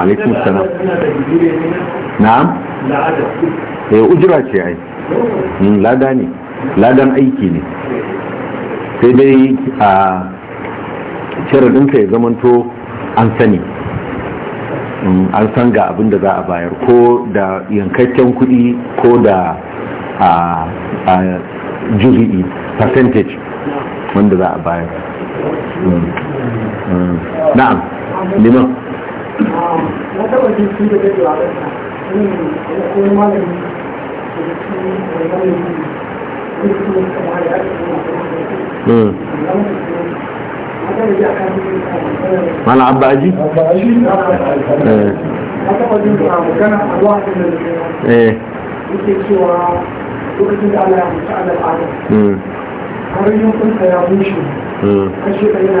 alaikun ah, salam na'am ya eh, ujira ce ai hmm, lada ne ladan aiki ne sai dai a sharaɗinsa ya zamanto an sani hmm, an san ga abin da za a bayar ko da yankakken kuɗi ko da a juzi'i percentage wanda za a bayar hmm. na'am liman hmm. Mala abba aji? Eh. lokacin da bushe, kashe ɗaya na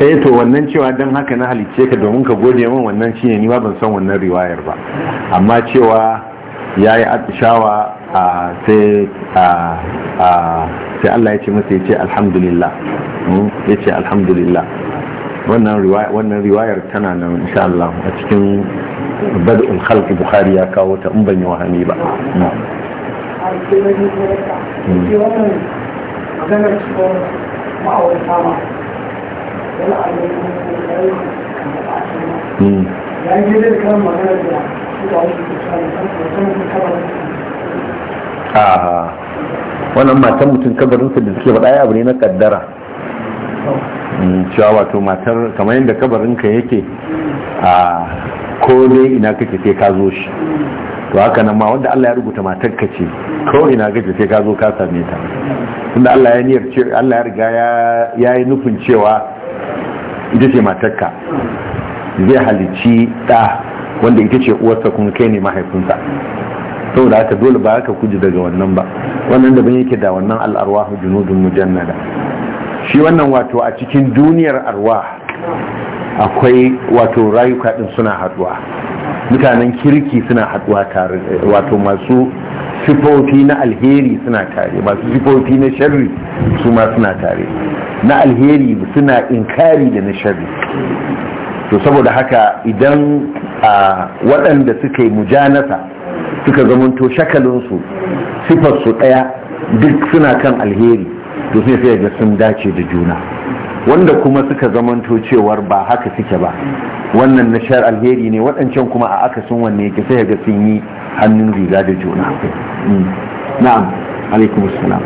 eh to wannan cewa dan haka na halicce ka domin ka gode min wannan shine ni ma ban san wannan riwayar ba amma cewa ya yi atishawa sai Allah ya ce masa ya ce alhamdulillah hmm? ya ce alhamdulillah wannan riwayar tana nan insha Allah a cikin bad'ul khalq bukhari ya kawo ta in ban yi wahani ba hmm. Hmm. maganar cikin ma'awar sama Hmm. wannan matan mutum kabarinsa da suke faɗa abu ne na ƙaddara, hmm, cewa wato matar kamar yadda kabarinka yake a ko dai ina kake sai ka zo shi to haka nan ma wanda Allah ya rubuta matar ka ce ko ina kake sai ka zo ka same ta tunda Allah ya niyar Allah ya riga ya yi nufin cewa ita ce matarka zai halici ɗa wanda ita ce uwarsa kuma kai ne mahaifinsa saboda haka dole ba ka kuji daga wannan ba wannan da ban yake da wannan al'arwahu junudun mujannada shi wannan wato a cikin duniyar arwa akwai wato rayuka din suna haɗuwa. mutanen kirki suna haɗuwa tare wato masu sifofi na alheri suna tare masu sifofi na sharri su ma suna tare na alheri suna inkari da na sharri to saboda haka idan waɗanda suka yi mujanasa suka zamanto shakalinsu su ɗaya duk suna kan alheri to sai sai ga sun dace da juna wanda kuma suka zamanto cewar ba haka suke ba wannan na shar alheri ne waɗancan kuma a sun wanne yake sai ga sun yi hannun riga da juna hmm. na'am alaikum salam.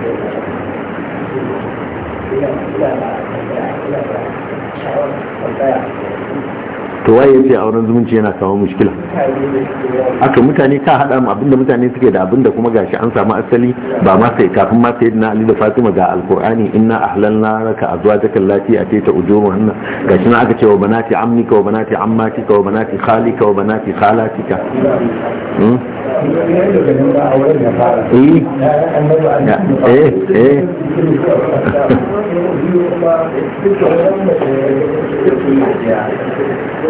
Thank hmm. ina ina ina shawar tambaya to waye yace auren zumunci yana kawo mushkila aka mutane ka hada mu abinda mutane suke da abinda kuma gashi an samu asali ba ma sai kafin ma sai na Ali da Fatima ga alqur'ani inna ahlalna laka azwajaka allati atayta ujuruhunna gashi na aka ce wa banati ammika wa banati ammatika wa banati khalika wa banati khalatika ka. Hmm? eh, eh, eh.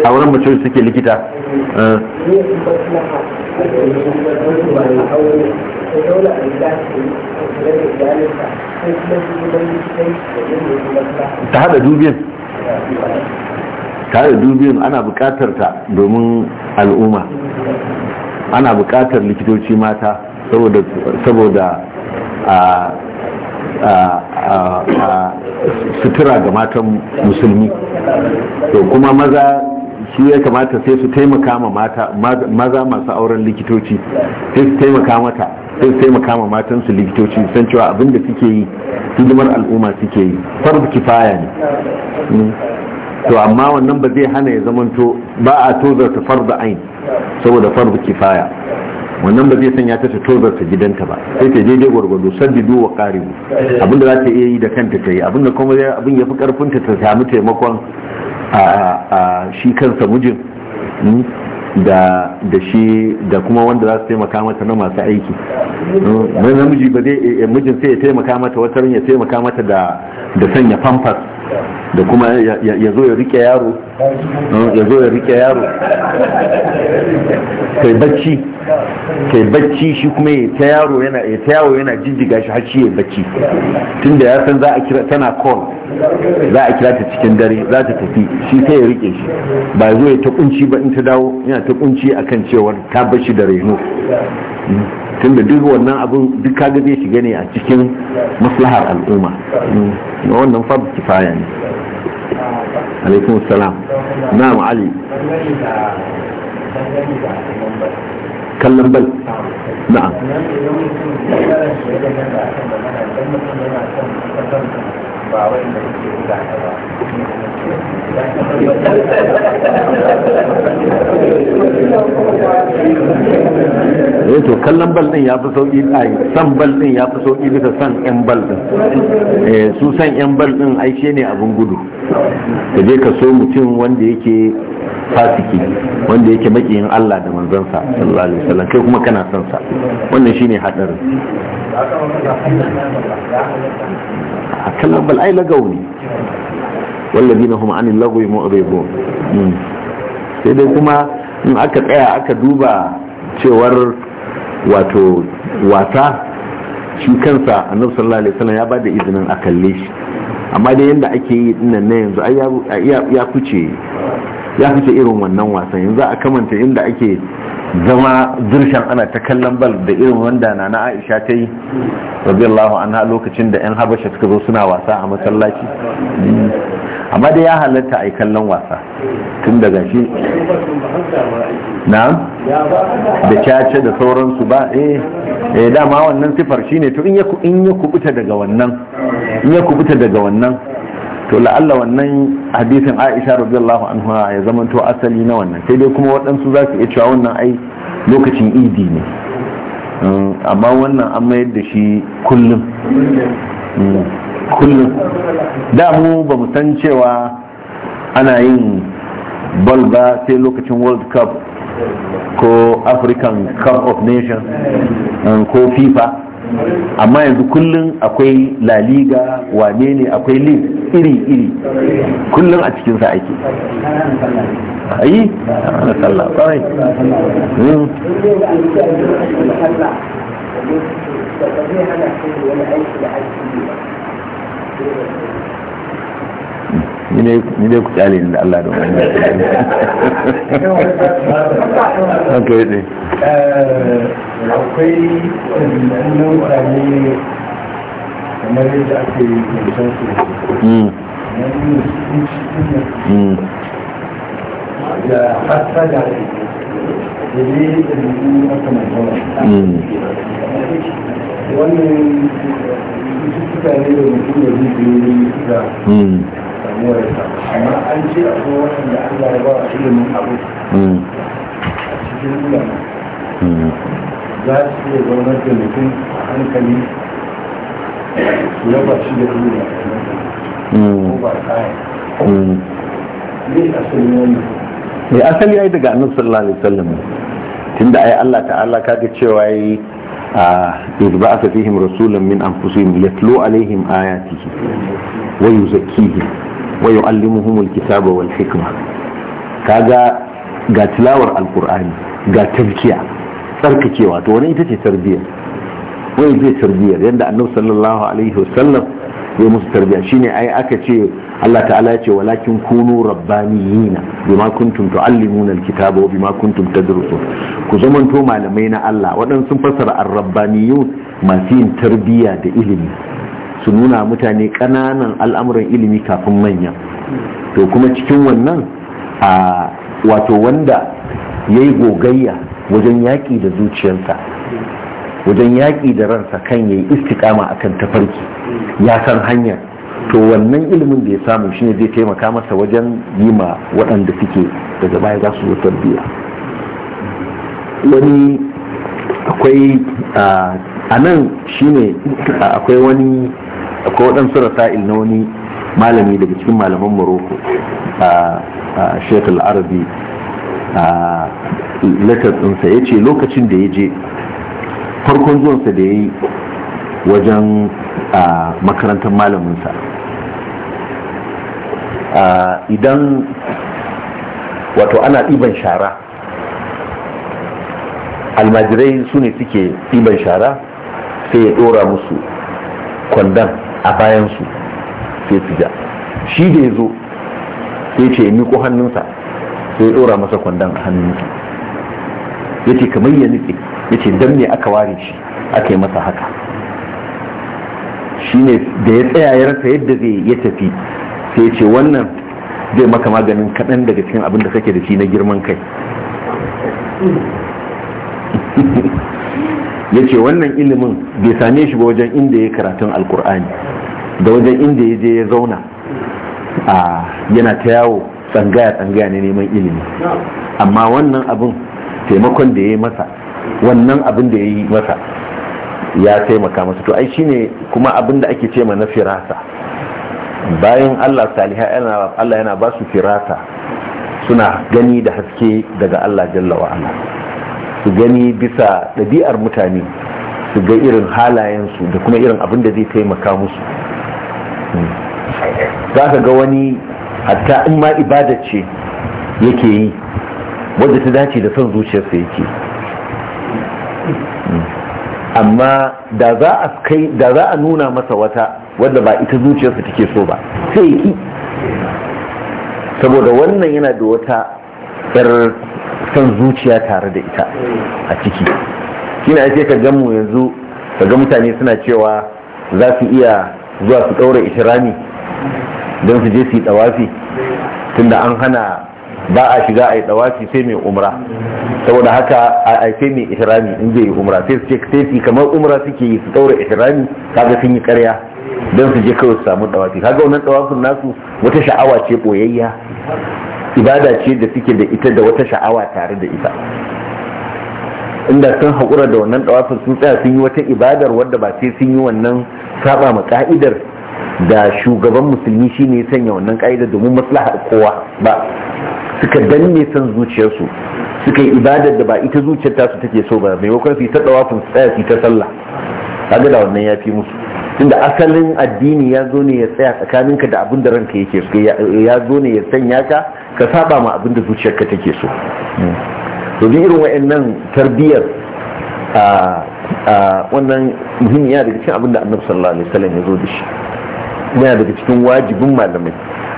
Auren wurin mace suke likita eh. ta hada dubiyan ta hada dubiyan ana bukatar ta domin al'umma ana bukatar likitoci mata saboda a sutura ga matan musulmi to kuma maza shi ya kamata sai su taimaka ma mata maza masu auren likitoci sai su taimaka mata sai su taimaka ma matan su likitoci san cewa abin da suke yi hidimar al'umma suke yi farz kifaya ne to amma wannan ba zai hana ya zamanto ba a tozarta farz ain saboda farz kifaya wannan ba zai sanya ta ta tozarta gidanta ba sai ta je gwargwado saddidu wa qaribu abinda za ta iya yi da kanta ta yi abinda kuma abin ya fi karfin ta ta samu taimakon a shi kansa mijin hmm, da shi da kuma wanda za su taimaka mata na masu aiki mai hmm, namiji ba zai eh, mijin sai ya taimaka mata wata ya taimaka mata da sanya pampas da kuma ya zo ya rike yaro ya zo ya rike yaro kai bacci kai bacci shi kuma ya ta yaro yana ya ta yawo yana jijjiga shi har shi ya bacci tunda ya san za a kira tana call za a kira ta cikin dare za ta tafi shi sai ya rike shi ba zo ya ta kunci ba in ta dawo yana ta kunci akan cewar ta bashi da reno hmm. tunda duk wannan abin duk kaga zai shiga ne a cikin maslahar al'umma na wannan farz kifaya ne alaikun salam na ali kallon bal na'am ba yake da ba eh to kallon bal din ya fi sauki ai san bal din ya fi sauki bisa san yan bal din eh su san yan bal din ai ne abun gudu ka je ka so mutum wanda yake fasiki wanda yake makiyin Allah da manzansa sallallahu alaihi wasallam kai kuma kana son sa wannan shine hadarin kallon bal ai lagaw ne wallazina hum anil lagwi mu'ridun hmm. sai dai kuma in aka tsaya aka duba cewar wato wata shi kansa annabi sallallahu alaihi wasallam ya bada izinin a shi amma dai yanda ake yi dinnan na yanzu ai ya kuce ya fice irin wannan wasan yanzu a kamanta inda ake zama zirshan ana ta kallon bal da irin wanda na na aisha ta yi an ha lokacin da yan habasha suka zo suna wasa a masallaci amma dai ya halatta a yi kallon wasa tun daga shi na da cace da sauransu ba eh eh dama wannan sifar shine to in ya kubuta daga wannan in ya kubuta daga wannan to la'alla wannan hadisin aisha radiyallahu anhu ya zama to asali na wannan sai dai kuma waɗansu za su iya cewa wannan ai lokacin idi ne mm, amma wannan an mayar da shi kullum mm, kullum da mu ba mu san cewa ana yin bal ba sai lokacin world cup ko african cup of nations mm, ko fifa amma yanzu kullum akwai laliga wane ne akwai lin iri-iri kullum a cikin sa ake ayi ana sallah kawai hmm. ni dai ku kyale da Allah da wani ne eh, akwai nau'uka ne kamar yadda ake yankan su hmm. hmm. da hasa da da ne da nuku makamantan hmm. wannan cututtuka ne da mutum da zuciyoyi da samuwar amma an ce a kowa da an zarabawa ilimin abu a cikin ulama za su iya zaunar da mutum a hankali su raba shi da duniya a ne asali ya yi daga annun sallallahu alaihi wasallam tun da ayi Allah ta'ala kaga cewa ya yi a izba a fihim rasulun min an fusu yin yatlo alaihim ayatihi wa yi zaki wa yi allimuhum alkitaba wal hikma ka ga ga tilawar alkur'ani ga tafkiya. tsarkakewa to wani ita ce tarbiyyar wani ita ce tarbiyyar yadda annabi sallallahu alaihi wasallam ya musu tarbiya shine ai aka ce Allah ta'ala ya ce walakin kunu rabbaniyina bima kuntum tuallimuna alkitaba wa bima kuntum tadrusun ku zamanto malamai na Allah waɗansu sun fassara ar-rabbaniyun masu yin tarbiyya da ilimi su nuna mutane ƙananan al'amuran ilimi kafin manya to kuma cikin wannan a wato wanda yayi gogayya wajen yaƙi da zuciyarsa wajen yaƙi da ransa kan yayi istiƙama akan tafarki ya san hanyar to wannan ilimin da ya samu shine zai taimaka masa wajen yi ma waɗanda suke daga baya za su zo tarbiyya wani akwai a nan shine akwai wani akwai waɗansu rasa'il na wani malami daga cikin malaman Maroko, a shekul arabi a letter ɗinsa ya ce lokacin da ya je farkon zuwansa da ya yi wajen makarantar malaminsa idan wato ana ɗiban shara almajirai su ne suke ɗiban shara sai ya ɗora musu kwandon a bayansu sai su ja shi da ya zo sai ce ya miko hannunsa sai ya ɗora masa kwandon a hannunsa ya ce kamar ya nutse ya ce don me aka ware shi aka yi masa haka shi ne da ya tsaya ya rasa yadda zai ya tafi sai ya ce wannan zai maka maganin kaɗan daga cikin abin da kake da shi na girman kai ya ce wannan ilimin bai same shi ba wajen inda ya karatun alkur'ani da wajen inda ya je ya zauna a yana ta yawo tsangaya tsangaya ne neman ilimi amma wannan abin taimakon da ya yi masa wannan abin da ya yi masa ya taimaka masa to ai shine kuma abin da ake ce ma na firasa bayan Allah saliha yana Allah yana ba su firasa suna gani da haske daga Allah jalla wa'ala su gani bisa ɗabi'ar mutane su ga irin halayensu da kuma irin abin da zai taimaka musu za ka ga wani hatta in ma ibada ce yake yi wadda ta dace da son zuciyarsa yake hmm. amma da za a kai da nuna masa wata wadda ba ita zuciyarsa take so ba sai yi saboda wannan yana da wata yar son zuciya tare da ita a ciki kina ake ka gamu yanzu ka ga mutane suna cewa za su iya zuwa su ɗaura ishirami don su je su yi tsawafi tunda an hana ba a shiga a yi tsawafi sai mai umra saboda haka a sai mai ihrami in zai yi umra sai su ce sai su kamar umra suke yi su daura ihrami kaga sun yi karya don su je kawai su samu tsawafi kaga wannan tsawafin nasu wata sha'awa ce boyayya ibada ce da suke da ita da wata sha'awa tare da ita inda sun haƙura da wannan tsawafin sun tsaya sun yi wata ibadar wadda ba sai sun yi wannan saba ma ka'idar da shugaban musulmi shine ne sanya wannan ka'ida domin maslahar kowa ba suka danne san zuciyarsu suka yi ibadar da ba ita zuciyar tasu take so ba maimakon su yi ta tsawafin tsaya su ta sallah kaga da wannan ya fi musu tunda asalin addini ya zo ne ya tsaya tsakaninka da abin da ranka yake so ya zo ne ya sanya ka ka saba ma abin da zuciyarka take so hmm. to duk irin waannan tarbiyyar a wannan muhimmiya daga cin abin da annabi sallallahu alaihi wasallam ya zo da shi yana daga cikin wajibin malamai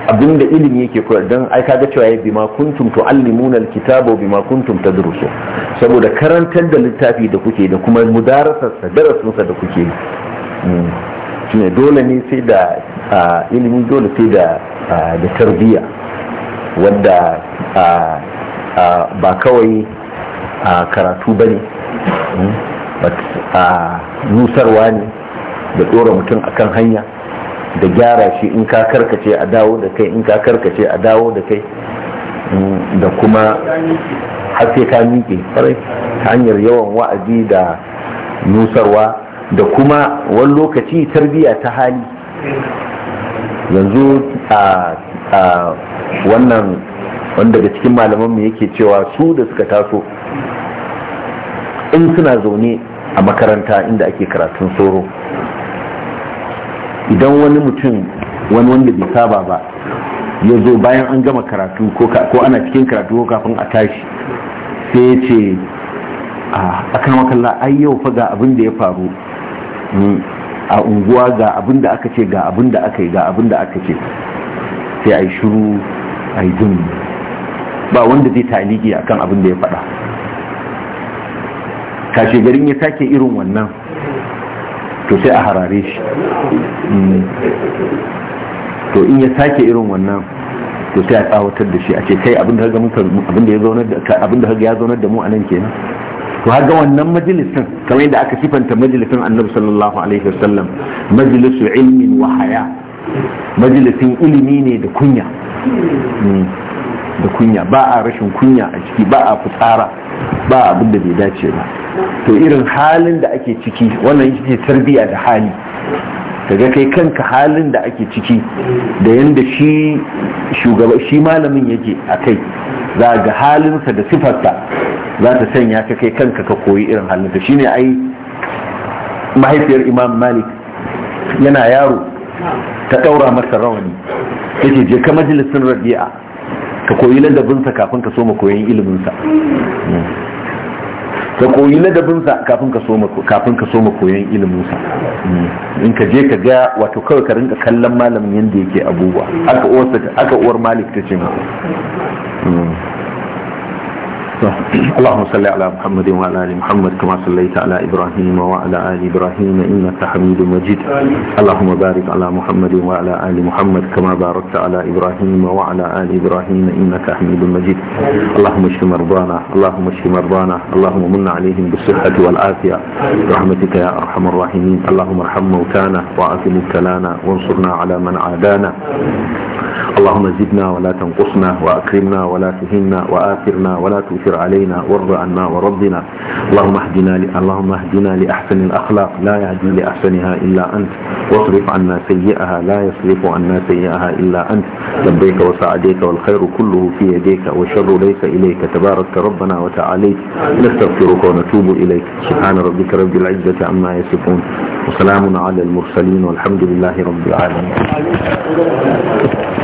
abinda ilimi yake koyar don ai kaga cewa ya bima kuntum tuallimuna alkitaba bima kuntum tadrusu saboda karantar da littafi da kuke da kuma mudarasar darasin sa da kuke hmm. shine dole ne sai da ilimi dole sai da da tarbiyya wanda ba kawai karatu bane hmm. nusarwa ne da dora mutum akan hanya da gyara shi in ka karkace a dawo da kai in ka karkace a dawo da kai mm, da kuma sai ka miƙe farai ta hanyar yawan wa'azi da nusarwa da kuma wani lokaci tarbiyya ta hali yanzu a wannan wanda daga cikin malamanmu yake cewa su da suka taso in suna zaune a makaranta inda ake karatun tsoro. idan wani mutum wani wanda bai saba ba ya zo bayan an gama karatu ko ana cikin karatu ko kafin a tashi sai ya ce a kan makalla ai yau fa ga abin da ya faru hmm, a unguwa ga abin da aka ce ga abin da aka yi ga abin da aka ce sai a yi shuru a yi jin ba wanda zai taliki a kan abin da ya faɗa kashe garin ya sake irin wannan to sai a harare shi mm. to in ya sake irin wannan to sai a tsawatar da shi a ce kai abinda ya zaunar da mu a nan kenan to haga wannan majalisin kamar yadda aka sifanta majalisin annabi sallallahu alaihi wasallam majalisu ilmin wa haya majalisin ilimi ne da kunya mm. da kunya ba a rashin kunya a ciki ba a fitsara ba abin da bai dace ba to irin halin da ake ciki wannan shi tarbiya da hali kaga kai kanka halin da ake ciki da yadda shi shugaba shi malamin yake a kai za ga halinsa da sifarsa za ta sanya ka kai kanka ka koyi irin halinsa ne ai mahaifiyar imam malik yana yaro ta ɗaura masa rawani yake je ka majalisin rabi'a ka koyi ladabinsa kafin ka so ma koyan iliminsa hmm. ka koyi ladabinsa kafin ka soma kafin ka soma koyon iliminsa mm. in ka je ka ga wato kawai ka rinka kallon malamin yadda yake abubuwa aka uwar malik ta ce ma. اللهم صل على محمد وعلى ال محمد كما صليت على ابراهيم وعلى ال ابراهيم انك حميد مجيد اللهم بارك على محمد وعلى ال محمد كما باركت على ابراهيم وعلى ال ابراهيم انك حميد مجيد اللهم اشف مرضانا اللهم اشف مرضانا اللهم من عليهم بالصحه والعافيه برحمتك يا ارحم الراحمين اللهم ارحم موتانا وعاف مبتلانا وانصرنا على من عادانا اللهم زدنا ولا تنقصنا وأكرمنا ولا تهنا وآثرنا ولا تؤثر علينا وارض عنا وربنا اللهم اهدنا اللهم اهدنا لأحسن الأخلاق لا يهدي لأحسنها إلا أنت واصرف عنا سيئها لا يصرف عنا سيئها إلا أنت لبيك وسعديك والخير كله في يديك والشر ليس إليك تبارك ربنا وتعاليك نستغفرك ونتوب إليك سبحان ربك رب العزة عما يصفون وسلام على المرسلين والحمد لله رب العالمين